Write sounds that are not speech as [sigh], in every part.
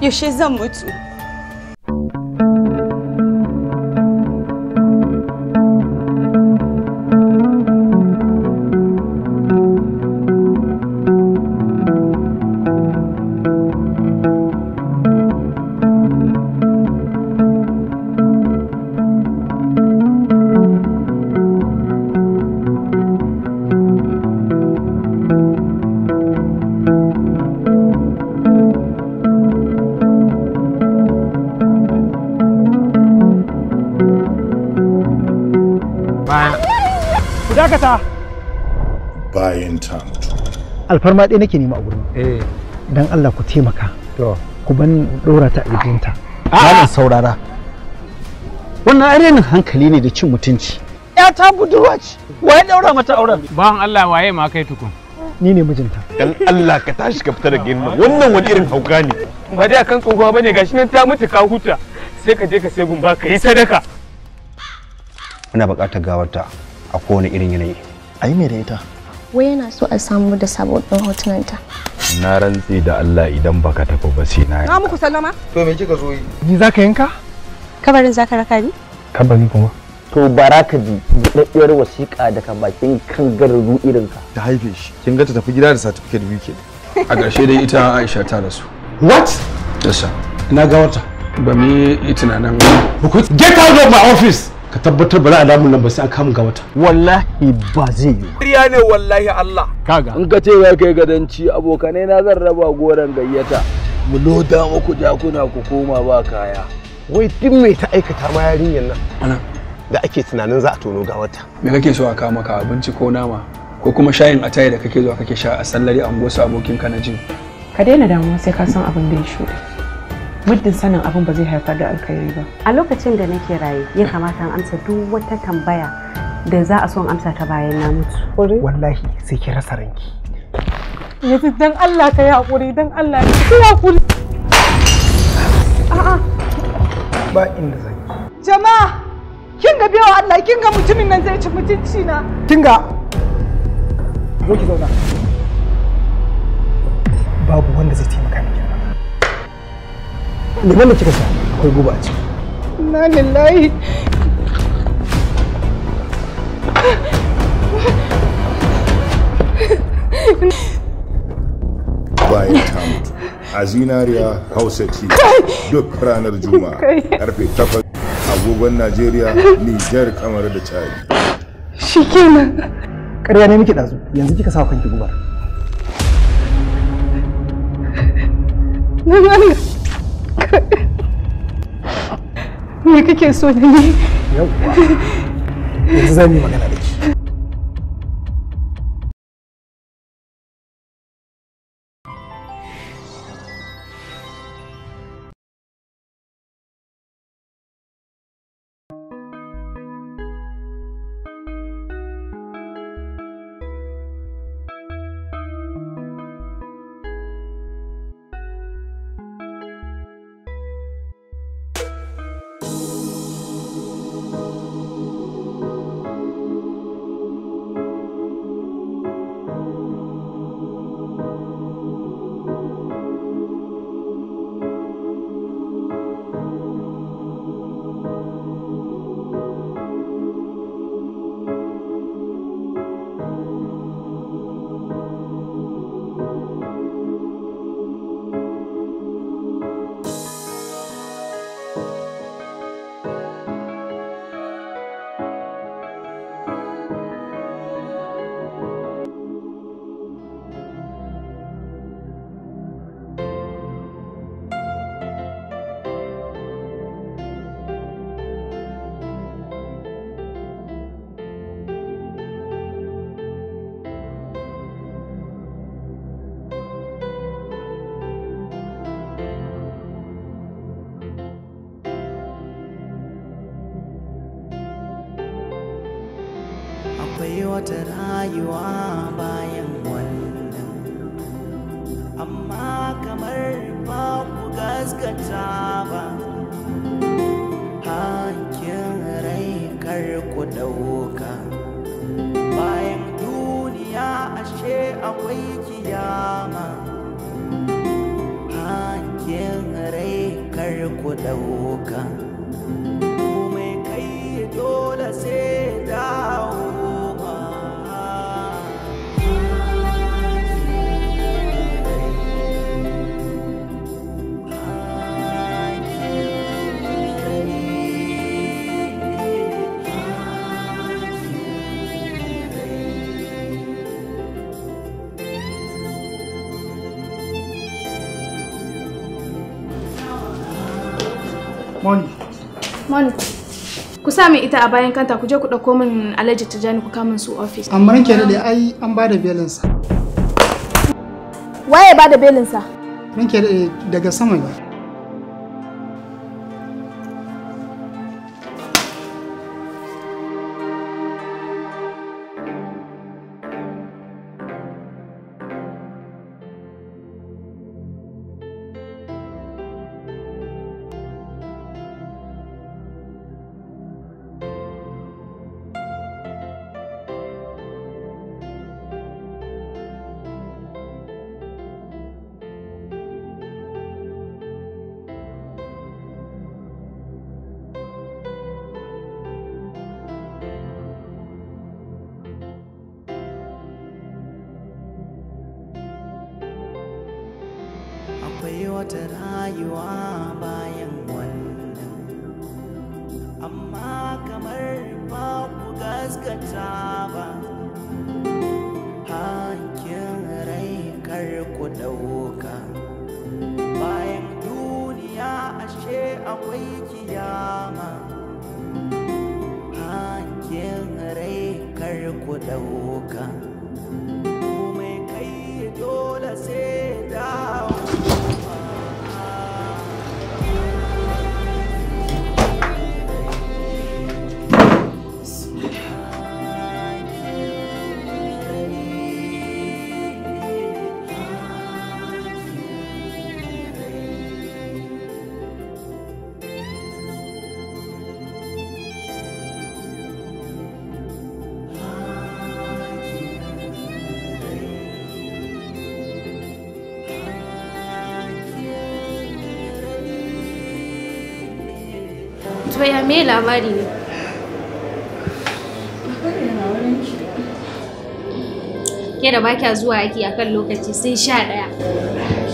有些让母主。alfarma ɗaya nake nema a gurin eh. don Allah ku taimaka ku ban ɗora ta ajinta malam saurara wannan arenin hankali ne da cin mutunci ya ta budurwa ce waye daura mata auren bawan Allah waye ma kai tukun ni ne mijinta dan Allah ka tashi ka fita daga gina wannan wani irin hauka ne ba dai akan tsohuwa bane gashi nan ta mutu ka huta sai ka je ka sai gumba ka yi sadaka muna bukatar gawarta a kowane irin yanayi ai me da ita wai yana so a samu da sababbin hotunanta. Na rantse da Allah idan baka tafi ba sai na. Na muku sallama? To me kika zo yi? Ni zaka yanka? Kabarin zaka raka ni? Kabarin kuma. To baraka ji daddiyar wasiƙa daga bakin kan garuru ka? Da haife shi. Kin ga ta tafi gida da certificate wiki? A ƙarshe dai ita Aisha ta rasu. What? Yes sir. Ina ga wata. Ba mu yi tunanin. Get out of my office! ka tabbatar ba za a damu nan ba sai an kamun ga wata wallahi ba zai yi riya ne wallahi Allah kaga in ka ce ya kai gadon gadanci abokanai na zan raba goran gayyata mu loda muku jakuna ku koma ba kaya wai duk mai ta aikata ma yarinyar nan ana da ake tunanin za a tono ga wata me kake so a kawo maka abinci ko nama ko kuma shayin ataye da kake zuwa kake sha a sallari an su abokin ka na jin ka daina damuwa sai ka san abin da ya shuɗe muddin sanin abin ba zai haifar da alkhairi ba a lokacin da nake raye ya kamata in amsa duk wata tambaya da za a so an amsa ta bayan na mutu wallahi sai ki rasa ranki yanzu dan Allah ka yi hakuri dan Allah ki hakuri a'a ba inda zai jama'a kin ga biyo Allah kin ga mutumin nan zai ci mutunci na kin ga zo ki zauna babu wanda zai taimaka miki ne da kika sa akwai guba a ciki na lillahi bayan ta mutu a zinariya hausa ce duk ranar juma'a karfe 8 agogon najeriya nijar kamar da cari shi kenan ƙarya ne miki ɗazu yanzu kika sa kanki gubar me kake so da ni yawwa yanzu zan yi magana da ki what a high you are. sa min ita a bayan kanta ku je ku ɗauko min ta jani ku kamun su ofis. amma ke da ai an ba da belinsa. waye ba da belinsa? ranke daga sama ne. that I you are. ya me labari ne? Ke da baki zuwa aiki a kan lokaci sai sha ɗaya.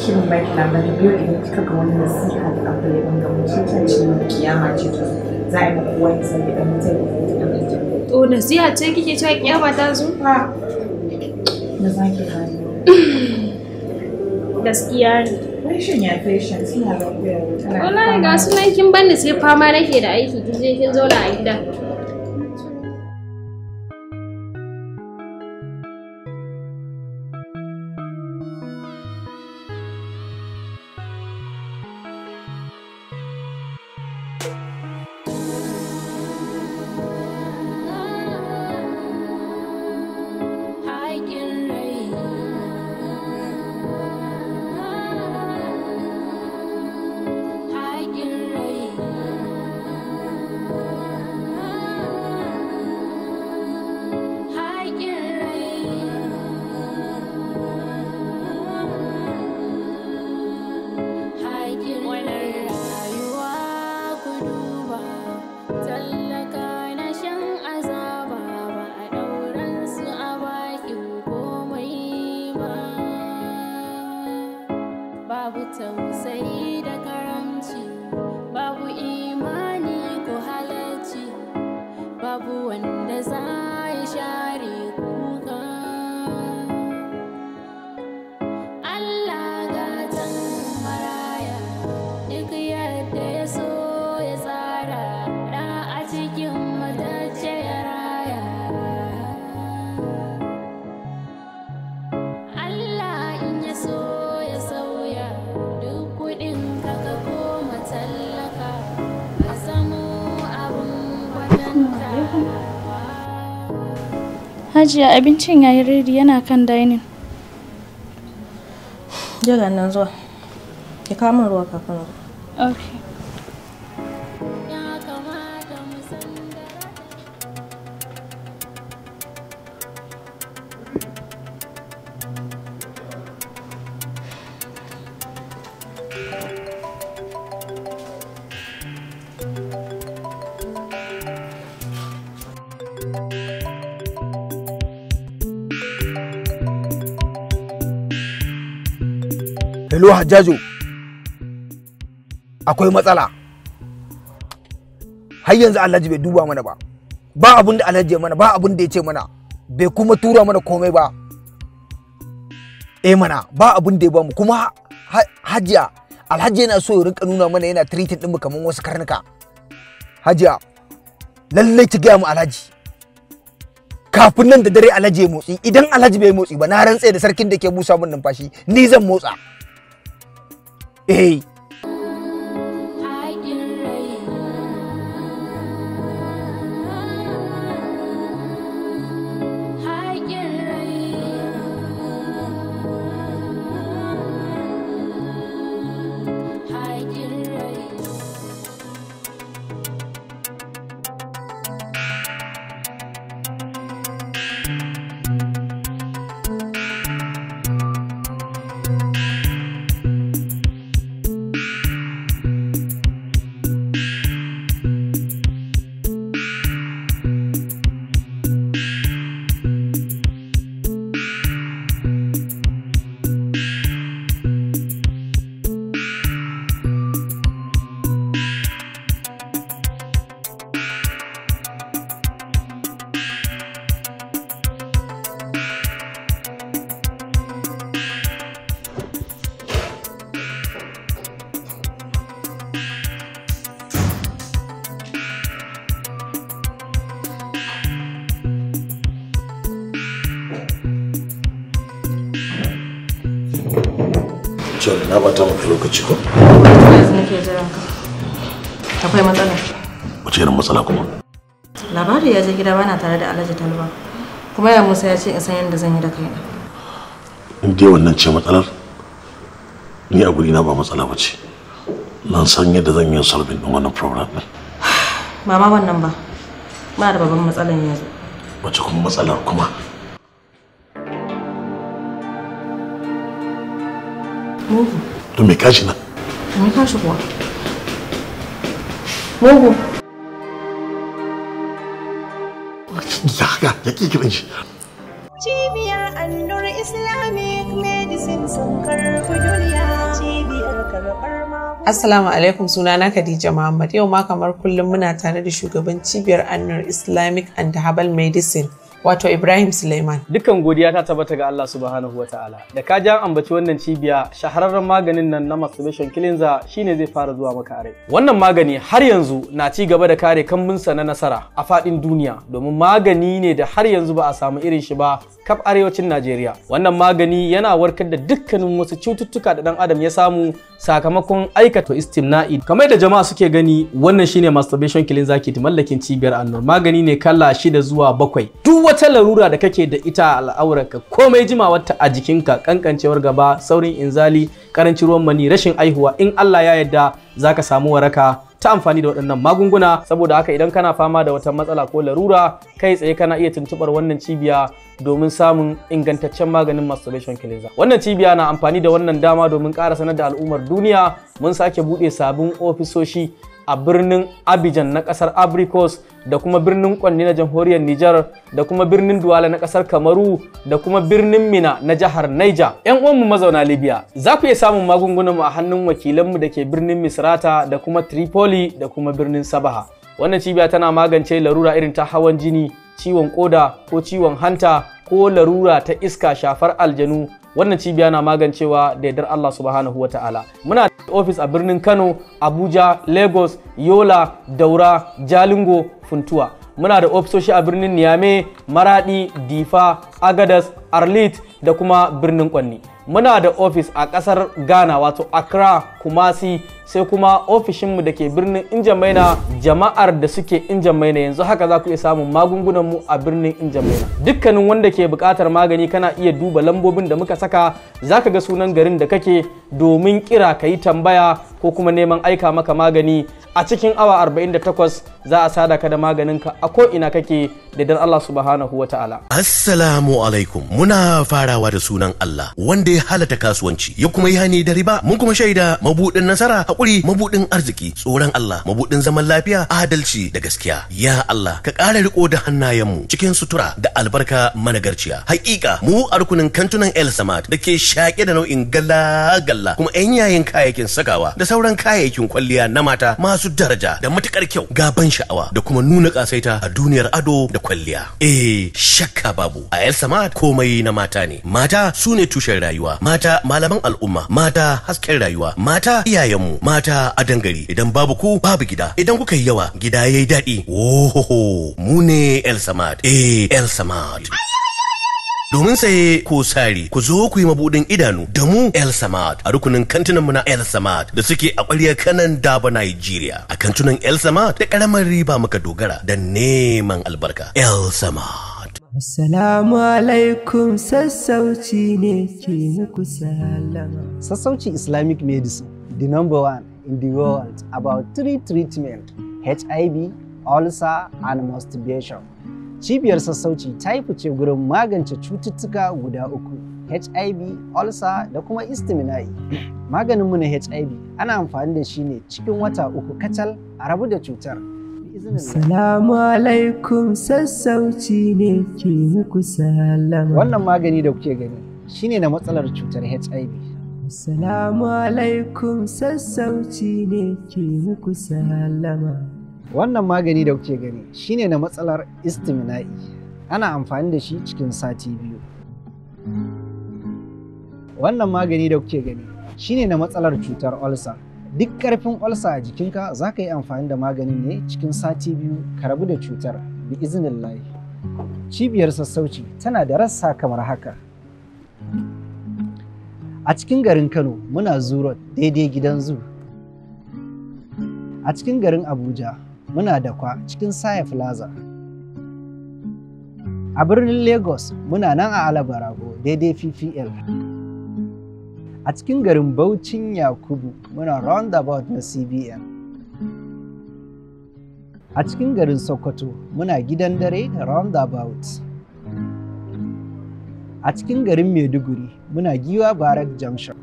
Shin baki ki labari biyu idan kika ga wani nasiha da abu ya dinga mutum ta ce mai kiyama ce ta za a yi maka wani sai da mutum ya dinga To nasiha ce kike cewa kiyama ta zo? Na za ki Gaskiya ne. Fashion ya fashion suna lafiya. Wallahi ga sunan kin banni sai fama nake da aiki kin je kin zauna a gida. hajiya abincin yayi redi yana kan dining je nan zuwa ki kawo min ruwa kafin okay hajjajo akwai matsala har yanzu alhaji bai duba mana ba ba abin da alhaji mana ba abin da ya ce mana bai kuma tura mana komai ba eh mana ba abin da ya mu kuma hajiya alhaji yana so ya rinka nuna mana yana treating din mu kamar wasu karnuka hajiya lallai ki gaya mu alhaji kafin nan da dare alhaji ya motsi idan alhaji bai motsi ba na rantse da sarkin da ke busa min numfashi ni zan motsa Ei, ka bata maka lokaci ko yanzu nake jiran ka akwai matsala wace irin matsala kuma labari ya je gida bana tare da alhaji talba kuma ya musa ya ce in san yadda zan yi da kaina in dai wannan ce matsalar ni a guri na ba matsala ba ce nan san yadda zan yi solving din wannan program din mama [sighs] wannan ba muna da babban matsalan yanzu wace kuma matsalar kuma Mugu. To me kashi nan? Me kuwa? Mugu. Assalamu alaikum sunana Khadija Muhammad yau ma kamar kullum muna tare da shugaban cibiyar Annur Islamic and Herbal Medicine wato Ibrahim Suleiman. dukan godiya ta tabbata ga Allah subhanahu wa ta'ala. Da ka ja ambaci wannan cibiya shahararren maganin nan na masturbation cleanser shine zai fara zuwa maka rai. Wannan magani har yanzu na ci gaba da kare kambunsa na nasara a fadin duniya domin magani ne da har yanzu ba a samu irin shi ba kaf arewacin Najeriya. Wannan magani yana warkar da dukkanin wasu cututtuka da dan adam ya samu sakamakon aikata istimna'i. Kamar da jama'a suke gani wannan shine masturbation cleanser ke mallakin cibiyar annor magani ne kala shida zuwa bakwai. Duk wata larura da kake da ita a al'aurarka komai jimawarta a jikinka kankancewar gaba saurin inzali karancin ruwan mani rashin aihuwa in Allah ya yarda zaka samu waraka ta amfani da waɗannan magunguna saboda haka idan kana fama da wata matsala ko larura kai tsaye kana iya tuntuɓar wannan cibiya domin samun ingantaccen maganin masturbation cleanser wannan cibiya na amfani da wannan dama domin ƙara sanar da al'ummar duniya mun sake buɗe sabon ofisoshi a birnin Abidjan na kasar Abrikos da kuma birnin Kwanni na jamhuriyar Nijar da kuma birnin Duwala na kasar Kamaru da kuma birnin Mina na jihar Niger. 'Yan uwanmu mazauna Libya za ku iya samun magungunanmu a hannun wakilanmu da ke birnin Misrata da kuma Tripoli da kuma birnin Sabaha. Wannan cibiya tana magance larura irin ta hawan jini, ciwon koda ko ciwon hanta ko larura ta iska shafar aljanu wannan cibiya na magancewa da yadda Allah subhanahu wata'ala muna da ofis a birnin Kano Abuja Lagos Yola Daura Jalingo Funtuwa muna da ofisoshi a birnin Niamey Maradi Difa Agadas Arlit da kuma birnin Kwanni muna da ofis a kasar Ghana wato Accra Kumasi sai kuma ofishinmu da ke birnin Injamaina jama'ar da suke Injamaina yanzu haka za ku iya samun magungunanmu a birnin Injamaina. Dukkanin wanda ke bukatar magani kana iya duba lambobin da muka saka za ka ga sunan garin da kake domin kira ka yi tambaya ko kuma neman aika maka magani a cikin awa 48 za a sada ka da ka a ko ina kake da dan Allah subhanahu wa ta'ala. Assalamu alaikum muna farawa da sunan Allah wanda ya halata kasuwanci ya kuma yi hani da riba mun kuma shaida mabuɗin nasara haƙuri mabudin arziki tsoron Allah mabudin zaman lafiya adalci da gaskiya ya Allah ka ƙara riko da hannayenmu cikin sutura da albarka managarciya haƙiƙa mu a rukunin kantunan El Samad da ke shaƙe da nau'in galla galla kuma yan yayin kayayyakin sakawa da sauran kayayyakin kwalliya na mata masu daraja da matuƙar kyau gaban sha'awa da kuma nuna ƙasaita a duniyar ado da kwalliya eh shakka babu a El Samad komai na mata ne mata su ne tushen rayuwa mata malaman al'umma mata hasken rayuwa mata iyayenmu mata a dangare idan babu ku babu gida idan kuka yi yawa gida yayi daɗi ohoho mu ne el samad eh el samad domin saye ko sari ku zo ku yi mabudin idanu da mu El Samad a rukunin kantinan mu na El Samad da suke a ƙwaryar kanan daba Nigeria a kantunan El Samad da ƙaramar riba muka dogara da neman albarka El Samad Assalamu alaikum sassauci ne ke muku salama Sassauci Islamic Medicine the number one in the mm-hmm. world about three treatment HIV, ulcer, and masturbation. Cibiyar sassauci ta yi fice gurin magance cututtuka guda uku, HIV, ulcer da kuma istimina'i. [coughs] Maganinmu na HIV ana amfani da shi ne cikin wata uku kacal a rabu da cutar. Salamu alaikum sassauci ne ke muku salama. Wannan magani da kuke gani shine na matsalar cutar HIV. Assalamu alaikum sassauci ne ke muku salama. Wannan magani da kuke gani shine na matsalar istimina'i. Ana amfani da shi cikin sati biyu. Wannan magani da kuke gani shine na matsalar cutar olsa. Duk ƙarfin olsa a jikinka za ka yi amfani da maganin ne cikin sati biyu ka rabu da cutar bi izinin Cibiyar sassauci tana da rassa kamar haka. a cikin garin kano muna zuro daidai gidan zu a cikin garin abuja muna da kwa cikin saya plaza a birnin lagos muna nan a alabarago daidai ppl a cikin garin Bauchin Yakubu muna roundabout na CBN. A cikin garin Sokoto muna gidan dare round roundabout. A cikin garin Maiduguri muna giwa barak junction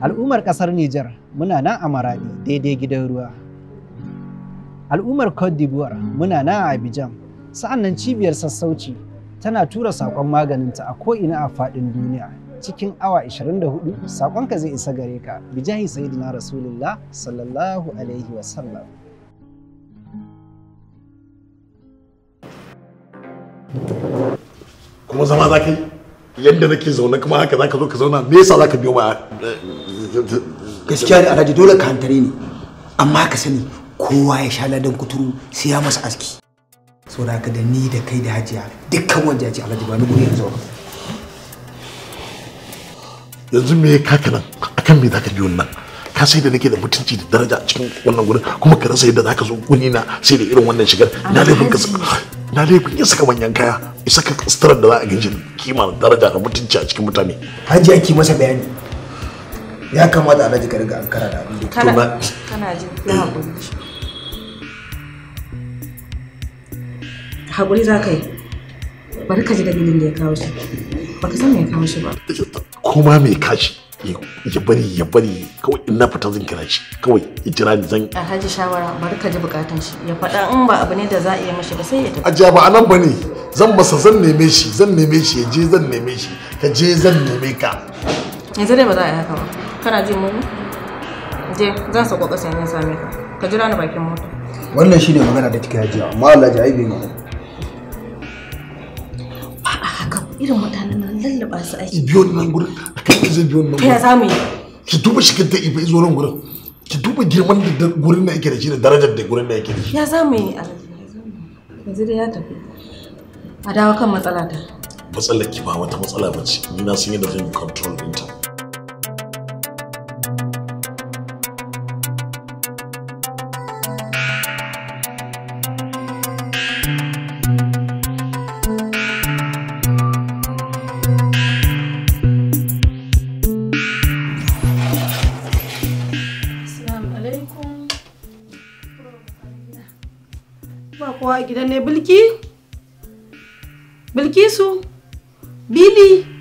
al'ummar kasar Nijar muna nan a Maradi daidai gidan ruwa al'ummar Cote d'Ivoire muna nan a Abidjan sa'annan cibiyar sassauci tana tura saƙon maganinta a ko'ina a faɗin duniya cikin awa 24 saƙonka zai isa gare ka bijahi sayyidina rasulullah sallallahu alaihi wasallam kuma zama zaki yadda nake zaune kuma haka zaka zo ka zauna me yasa zaka biyo baya gaskiya da alhaji dole ka hantare ni amma ka sani kowa ya sha ladan kuturu sai ya masa aski saboda haka da ni da kai da hajiya dukkan wanda ya ce alhaji ba ni guri yanzu yanzu me ka kana akan me zaka biyo nan ka sai da nake da mutunci da daraja cikin wannan gurin kuma ka rasa yadda zaka zo guni na sai da irin wannan shigar na laifin ka na laifin ya saka manyan kaya ya saka kastarar da za a gaji kima da daraja da mutunci a cikin mutane haji yake masa bayani ya kamata daji ka riga an kara da abin da kana kana ji na hakuri hakuri za ka yi bari ka ji dalilin da ya kawo shi baka san me ya kawo shi ba kuma me kashi ya bari ya bari kawai in na fita zan kira shi kawai ya jira ni zan a alhaji shawara bari ka ji bukatun shi ya faɗa in ba abu ne da za a yi mashi ba sai ya tafi ajiya ba anan bane zan masa zan neme shi zan neme shi ya je zan neme shi ka je zan neme ka yanzu dai ba za a yi haka ba kana jin mu je za su kokasa yanzu same ka ka jira ni bakin mota wannan shine magana da kika yi jiya amma Allah ji aibi magana irin waɗannan nan lallaba su ake biyo nan gurin a kan zai biyo nan gurin ya samu ki duba shigar da ifa izo nan gurin ki duba girman da gurin da yake da shi da darajar da gurin da yake da shi ya samu ne alhaji yanzu dai ya tafi a dawo kan matsala ta matsalar ki ba wata matsala ba ce ni na san yadda zan control ɗinta kowa gidan ne bilki bilkisu bili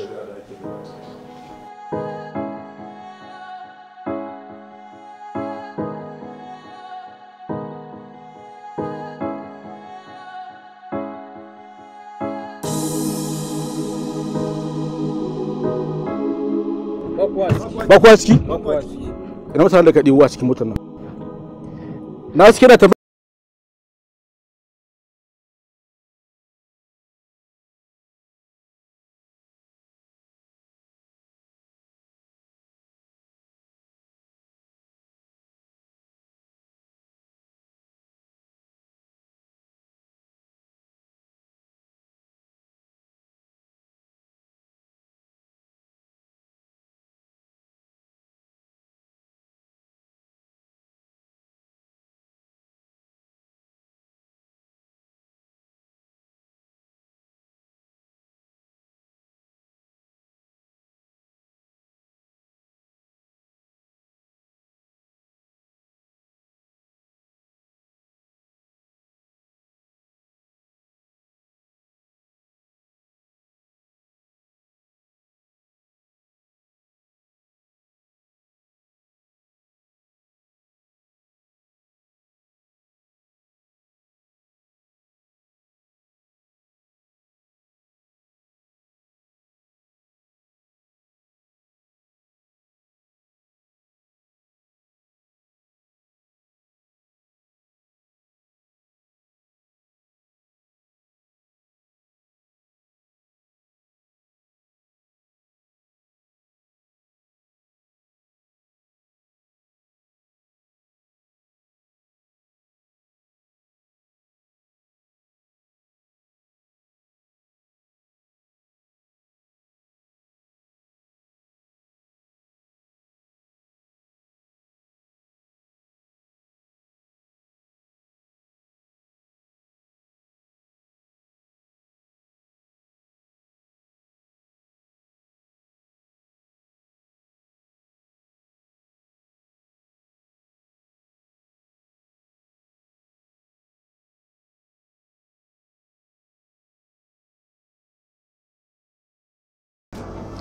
jeżeli ona nie wychodzi. ba kuwa ciki? ina mutane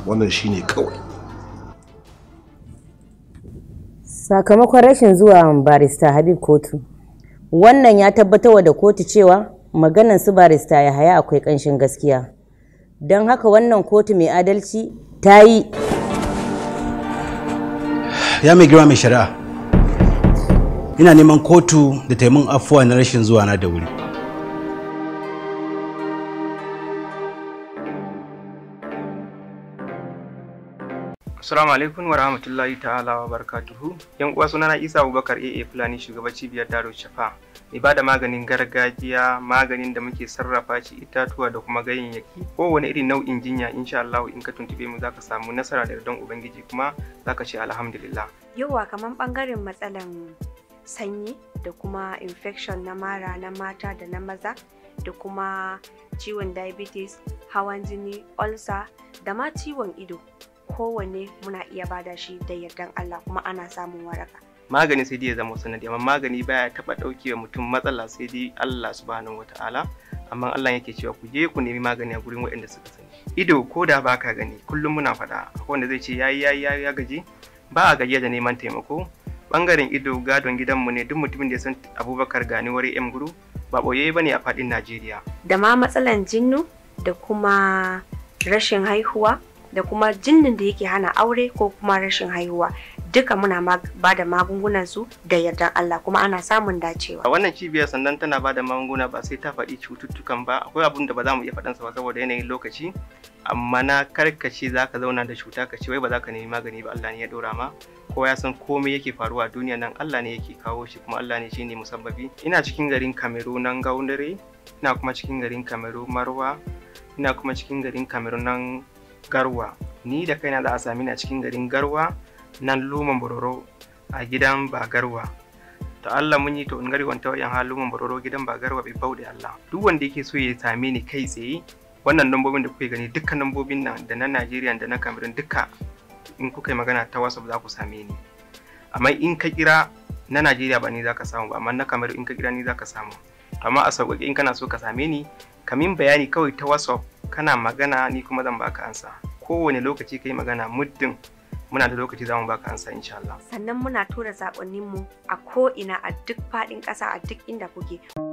wannan shi ne kawai sakamakon rashin zuwa barista habib kotu wannan ya wa da kotu cewa maganan su barista ya haya akwai ƙanshin gaskiya don haka wannan kotu mai adalci ta yi ya mai girma mai shari'a ina neman kotu da taimun afuwa na rashin zuwa na da wuri Assalamu alaikum wa rahmatullahi ta'ala wa barakatuhu. Yan uwa sunana Isa Abubakar AA Fulani shugaba cibiyar Daro Shafa. Mai bada maganin gargajiya, maganin da muke sarrafa shi itatuwa da kuma ganyayyaki. Kowane irin nau'in jinya insha Allah in ka tuntube mu zaka samu nasara da don Ubangiji kuma zaka ce alhamdulillah. Yawa kaman bangaren matsalan sanyi da kuma infection na mara na mata da na maza da kuma ciwon diabetes, hawan jini, ulcer da ma ciwon ido. kowanne muna iya bada shi da yardan Allah kuma ana samun waraka magani sai dai ya zama sanadi amma magani baya taba dauke mutum matsala sai dai Allah subhanahu wataala amma Allah yake cewa ku je ku nemi magani a gurin waɗanda suka sani ido ko da baka gani kullum muna faɗa akwai wanda zai ce yayi yayi ya gaji ba a gajiya da neman taimako bangaren ido gadon gidanmu ne duk mutumin da ya san Abubakar Gani wari M Guru ba boye ne a faɗin Najeriya da ma matsalan jinnu da kuma rashin haihuwa da kuma jinnin da yake hana aure ko kuma rashin haihuwa duka muna ba da magungunan su da yardan Allah kuma ana samun dacewa. A wannan cibiyar sandan tana ba da magunguna ba sai ta faɗi cututtukan ba akwai abin da ba za mu iya faɗansa ba saboda yanayin lokaci amma na karkace za ka zauna da cuta ka ce wai ba za ka nemi magani ba Allah ne ya ɗora ma kowa ya san komai yake faruwa a duniya nan Allah ne yake kawo shi kuma Allah ne shi ne musabbabi ina cikin garin Cameroon nan Gaundare ina kuma cikin garin Cameroon Marwa ina kuma cikin garin Cameroon nan garwa ni da kaina za a sami ni cikin garin garwa nan luman bororo a gidan bagarwa ta Allah mun yi to in gari wanta wayan mun bororo gidan bagarwa bai bau da Allah duk wanda yake so ya same ni kai tsaye wannan lambobin da kuke gani dukkan lambobin nan da na Najeriya da na Cameroon duka in kuka yi magana ta WhatsApp za ku same ni amma in ka kira na Najeriya ba ni za ka samu ba amma na Cameroon in ka kira ni za ka samu amma a sauƙaƙe in kana so ka same ni ka min bayani kawai ta whatsapp kana magana ni kuma zan baka ansa kowane lokaci kai magana muddin muna da lokaci za mu baka ansa insha Allah sannan muna tura mu a ko ina a duk faɗin ƙasa a duk inda kuke